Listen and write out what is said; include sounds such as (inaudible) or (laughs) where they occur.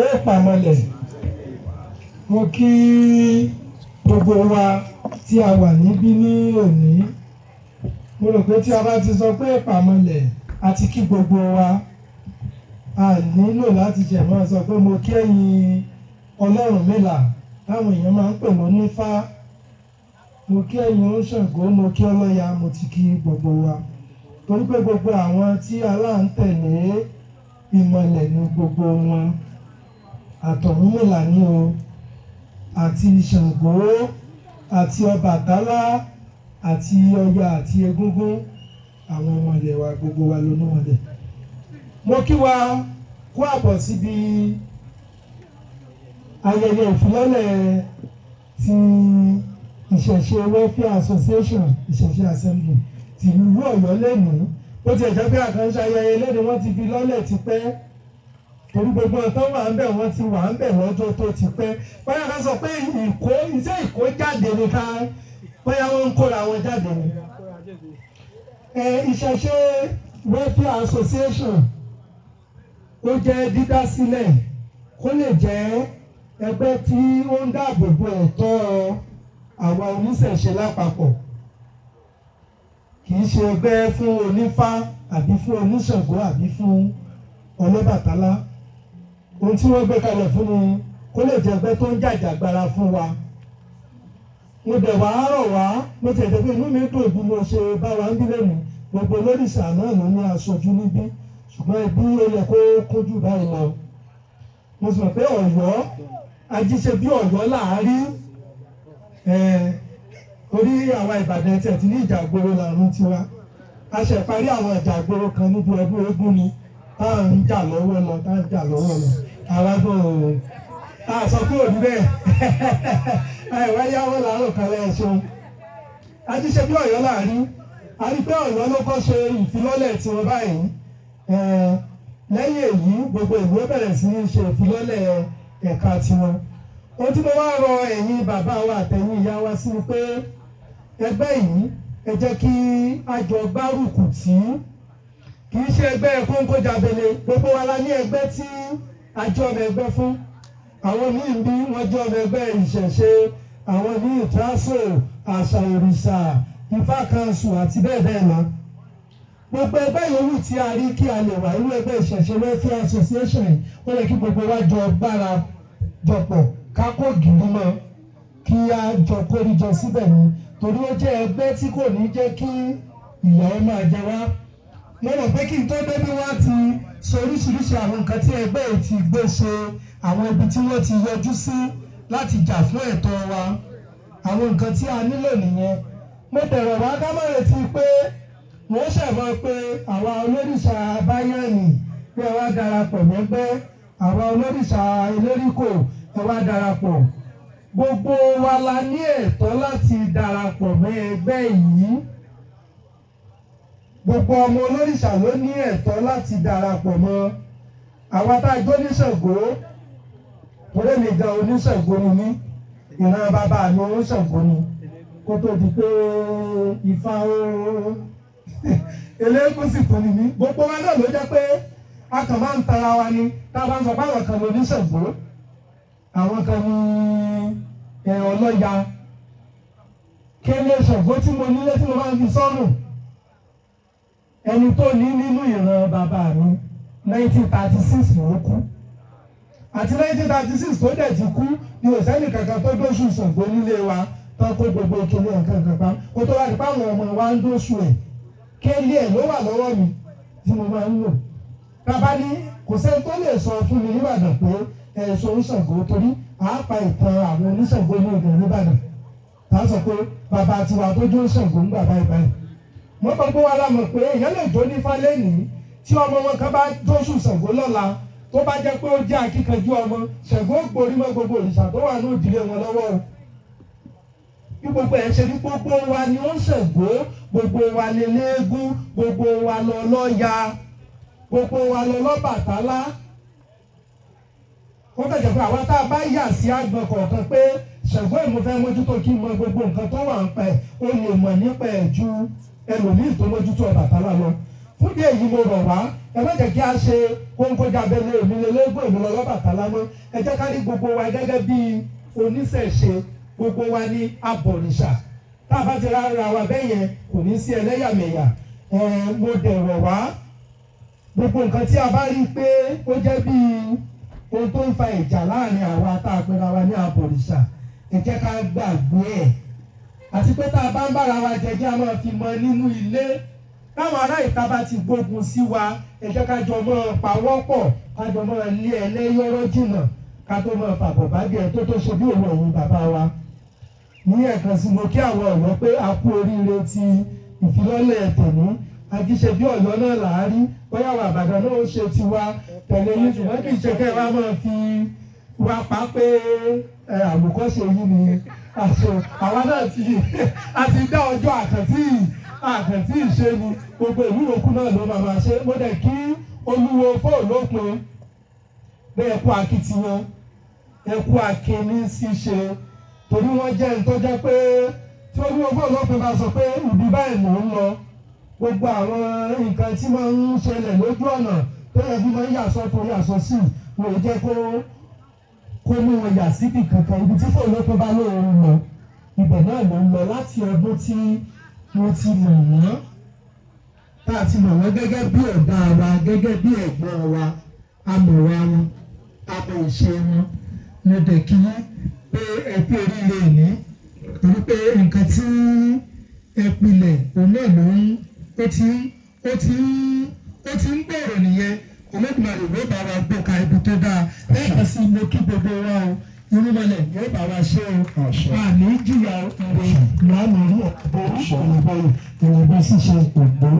èèpàmọ́lẹ̀ mo kí gbogbo wa tí a wà níbí ní òní mo rò pé tí a bá ti sọ pé èèpàmọ́lẹ̀ àti kí gbogbo wa a nílò láti jẹ̀ máa sọ pé mo kí ẹ̀yin ọlọ́run mélà táwọn èèyàn máa ń pè wọ́n nífá mo kí ẹ̀yin oníṣàngó mo kí ọlọ́ya mo ti kí gbogbo wa torí pé gbogbo àwọn tí aláǹtẹ̀lé ìmọ̀lẹ̀ ní gbogbo wọn àtọ̀rúnmìlà ní o àti Ṣàngó àti Ọbàtálá àti Ọya àti Egúngún àwọn ọmọlẹ̀ wa gbogbo wa ló nímọ̀lẹ̀ mo kí wa kó àbọ̀ síbi ayẹyẹ ìfilọ́lẹ̀ ti ìṣẹ̀ṣe welfare association ìṣẹ̀ṣe assembly tìlú Ọ̀yọ́ lẹ́nu ó ti ẹ̀jẹ̀ pé àkànṣe ayẹyẹ lẹ́nu wọ́n ti fi lọ́lẹ̀ ti pẹ́ torí gbogbo ọ̀tọ́ wà ń bẹ̀ wọ́n ti wà ń bẹ̀ lọ́jọ́ tó ti pẹ́ bóyá ká sọ pé ìkó iṣẹ́ ìkó jáde ni ká bóyá wọ́n ń kóra wọn jáde ni. ẹ ìṣẹ̀ṣe welfare association ó jẹ́ dídá sílẹ̀ kó lè jẹ́ ẹgbẹ́ tí ó ń dáàbò bo ẹ̀tọ́ àwa oníṣẹ̀ṣe lápapọ̀ kì í ṣe ẹgbẹ́ fún onífá àbí fún oníṣàngó àbí fún ọlọ́bàtálá ohun tí wọ́n gbé kalẹ̀ fún mi kó lè jẹ́ ẹgbẹ́ tó ń jàjàgbara fún wa mo dẹ̀ wá rọ̀ wá mo tẹ̀ jẹ́ pé inú mi dùn bí mo ṣe bá wa ń bílẹ̀ mi gbogbo lóríṣà náà ló ní aṣojú níbí ṣùgbọ́n ibi ó yẹ kó kójú báyìí lọ mo sì pé ọ̀yọ́ ajíṣe bí ọ̀yọ́ làárí ẹ̀ẹ́ torí àwọn Ìbàdàn tiẹ̀ ti ní ìjà àgbòrò làrún tiwa a ṣe parí àwọn ìjà àgbòrò kan níbi ọdún eégún ni tá à ń jà lọ́wọ́ lọ tá à ń jà lọ́wọ́ lọ àwa tó a sọ pé òbí bẹ́ẹ̀ (laughs) ẹ làárọ̀ kan lẹ́yìn a ti ṣe bí Ọ̀yọ́ láàrin a rí pé Ọ̀yọ́ ló kọ́ ṣe ìfilọ́lẹ̀ tiwọn báyìí lẹ́yìn èyí gbogbo ìlú ó bẹ̀rẹ̀ sí í ṣe ìfilọ́lẹ̀ ẹ̀ka tiwọn ohun tí rọ ẹ̀yin bàbá wa àtẹ̀yin ìyá wa sí ni pé ẹgbẹ́ yìí ẹ jẹ́ kí àjọ gbárùkù tí kì í ṣe ẹgbẹ́ kóńkó jàbẹ̀lẹ̀ gbogbo wa la ní ẹgbẹ́ tí àjọ ọmọ ẹgbẹ́ fún àwọn míì bí wọ́n jẹ́ ọmọ ẹgbẹ́ ìṣẹ̀ṣe àwọn míì tásò àṣà òrìṣà ifá kanṣu àti bẹ́ẹ̀ bẹ́ẹ̀ lọ gbogbo ẹgbẹ́ yòówù tí a rí kí a lè wà irú ẹgbẹ́ ìṣẹ̀ṣe welfare association ó yẹ kí gbogbo wa jọ gbára jọpọ̀ ká kó gìrì mọ́ kí a jọ kórìjọ síbẹ̀ ni torí ó jẹ́ ẹgbẹ́ tí kò ní jẹ́ kí ìyà ó máa jẹ wá mo rò pé kí n tó débi wá ti sọ oríṣiríṣi àwọn nǹkan tí ẹgbẹ́ yìí ti gbé ṣe àwọn ibi tí wọ́n ti yọjú sí láti jà fún ẹ̀tọ́ wa àwọn nǹkan tí a nílò nìyẹn mo bẹ̀rẹ̀ wá ká má retí pé wọ́n ṣẹ̀fọ́ pé àwa olórìṣà báyọ̀nì pé ẹ wá darapọ̀ mẹ́gbẹ́ àwa olórìṣà elérìkò ẹ wá darapọ̀ gbogbo wa la ní ẹ̀tọ́ láti darapọ̀ mọ́ ẹgbẹ́ yìí gbogbo ọmọ olóríṣà ló ní ẹ̀tọ́ láti darapọ̀ mọ́ àwa tá a jó níṣàngó torí mi gan oníṣàngó ni mí ìran bàbá mi oníṣàngó ni kó tó di pé ifá ooo eléégún sì tún ni mí gbogbo wa náà ló jẹ́ pé a kàn máa ń tara wa ni tá a bá ń sọ báwọn kan lóníṣàngó àwọn kan ní ọlọ́ya kélé ṣọ̀gbọ́n tí mo nílé tí mo máa ń fi sọ́nù ẹni tó ní nínú ìran bàbá mi nineteen thirty six ló kú àti nineteen thirty six tó dẹ̀ ti kú ni òsẹ́ni kankan tó dóṣù ṣọ̀gbọ́n nílé wa tán kó gbogbo ìkíni ẹ̀kan kankan kó tó wá di páwọn ọmọ wa ń dóṣù ẹ̀ kélé ẹ̀ ló wà lọ́wọ́ mi tí mo máa ń lò bàbá ní kò sẹ́ni tó lè sọ fún mi nígbàdàn pé kẹsọ oníṣàngó torí àápa ìtàn àwọn oníṣàngó inú ìgbà nìbàdàn tá a sọ pé bàbá tiwa tó jó ṣàngó ń bàbá ìbá yìí mo gbogbo wa la mọ̀ pé èèyàn lè jó nífà lẹ́nìí tí ọmọ wọn kan bá jóṣù ṣàngó lọ́la tó bá jẹ́ pé ó jẹ́ akíkanjú ọmọ ṣàngó gborí mọ́ gbogbo òrìṣà tó wà ní òdìlé wọn lọ́wọ́ o bí gbogbo ẹ̀ ṣe ní gbogbo wa ni ó ń ṣàngó gbogbo wa ni gbogbo wa lọ lọ́ya gbogbo wa lọ lọ́bàtálá wọ́n fẹ́ jẹ́ pé àwa tá a bá yà sí àgbọn kọ̀ọ̀kan pé ṣẹ̀gbọ́n mo fẹ́ mójútó kí n mọ gbogbo nǹkan tó wà ń pẹ̀ o lè mọ̀ nípa ẹ̀ ju ẹlòmíì tó mójútó Ọbàtálá lọ fún bí èyí mo rọ̀ wá ẹ má jẹ́ kí a ṣe kóńkó jábẹ́lé èmi lélẹ́gbọ̀n èmi lọ́lọ́ Ọbàtálá mọ́ ẹ jẹ́ ká rí gbogbo wa gẹ́gẹ́ bí oníṣẹ̀ṣe gbogbo wa ní abọ̀rìṣà tá a bá ti rárá wa bẹ́ẹ̀ yẹn kò ní sí ẹlẹ́yàmẹ̀yà mo dẹ̀ rọ̀ wá gbogbo nǹkan tí a bá rí pé ó jẹ́ bíi ohun tó ń fa ìjà láàrin àwa tá a pera wa ní àbòrìṣà ẹ jẹ́ ká gbàgbé ẹ̀ àti pé tá a bá ń bára wa jẹjẹ́ a máa fi mọ nínú ilé táwọn ará ìta bá ti gbógun sí wa ẹ jẹ́ ká jọ mọ́ pawọ́pọ̀ ká jọ mọ́ lé ẹlẹ́yọ́rọ́ jìnnà ká tó mọ́ fàbọ̀ bá bí ẹ tó tó ṣe bí òun ọ̀hún bàbá wa ní ẹ̀kan sí mo kí àwọn ọ̀rọ̀ pé a kú oríire ti ìfilọ́lẹ̀ tèmi àjíṣe bí ọ̀yọ́ náà là á rí bóyá àwọn àbàdàn náà ó ṣe tiwa tẹ̀lé yín ṣùgbọ́n kì í ṣe kẹ́ ẹ wá máa fi wá pa pé àwòkọ́ṣe yìí ni àṣọ àwọn náà ti a ti dá ọjọ́ àkàntì àkàntì ìṣe ni gbogbo ìlú òkú náà ló máa máa ṣe mo dẹ̀ kí olúwo fóònù bẹ́ẹ̀ kú akitiyan ẹ akíní ṣíṣe torí wọ́n jẹ́ ń tọ́já pé tí olúwo fóònù òpin bá sọ pé ìbí báyìí mò ń lọ gbogbo àwọn nǹkan tí máa ń ṣẹlẹ̀ lójú ọ̀nà tó yẹ kí máa ń yàsọ́ tó yàsọ́ sí wò ó jẹ́ kó kó mú wọn yà síbi kankan ibi tí fòun lóko bá lóun lọ ibẹ̀ náà ló ń lọ láti ọdún tí mo ti mọ̀ wọ́n tá a ti mọ̀ wọ́n gẹ́gẹ́ bí ọ̀gá wa gẹ́gẹ́ bí ẹ̀gbọ́n wa amọ̀ra wọn amọ̀ ìṣe wọn mo dẹ̀ kí wọ́n pé ẹ oríire ìní torí pé nǹkan tí ẹ pilẹ̀ òun náà ló ń ó ti ó ti ó ti ń gbòòrò nìyẹn olódùmarè yóò bá wa gbòòkà ibi tó dáa lẹ́yìn sí mo kí gbogbo wa o irúmọlẹ̀ yóò bá wa ṣe o àmì jìyà ọ̀rẹ́ lánàá rí ọ̀pọ̀ ìṣẹ̀lẹ̀ báyìí ìrìnàbá ṣíṣe ògbó.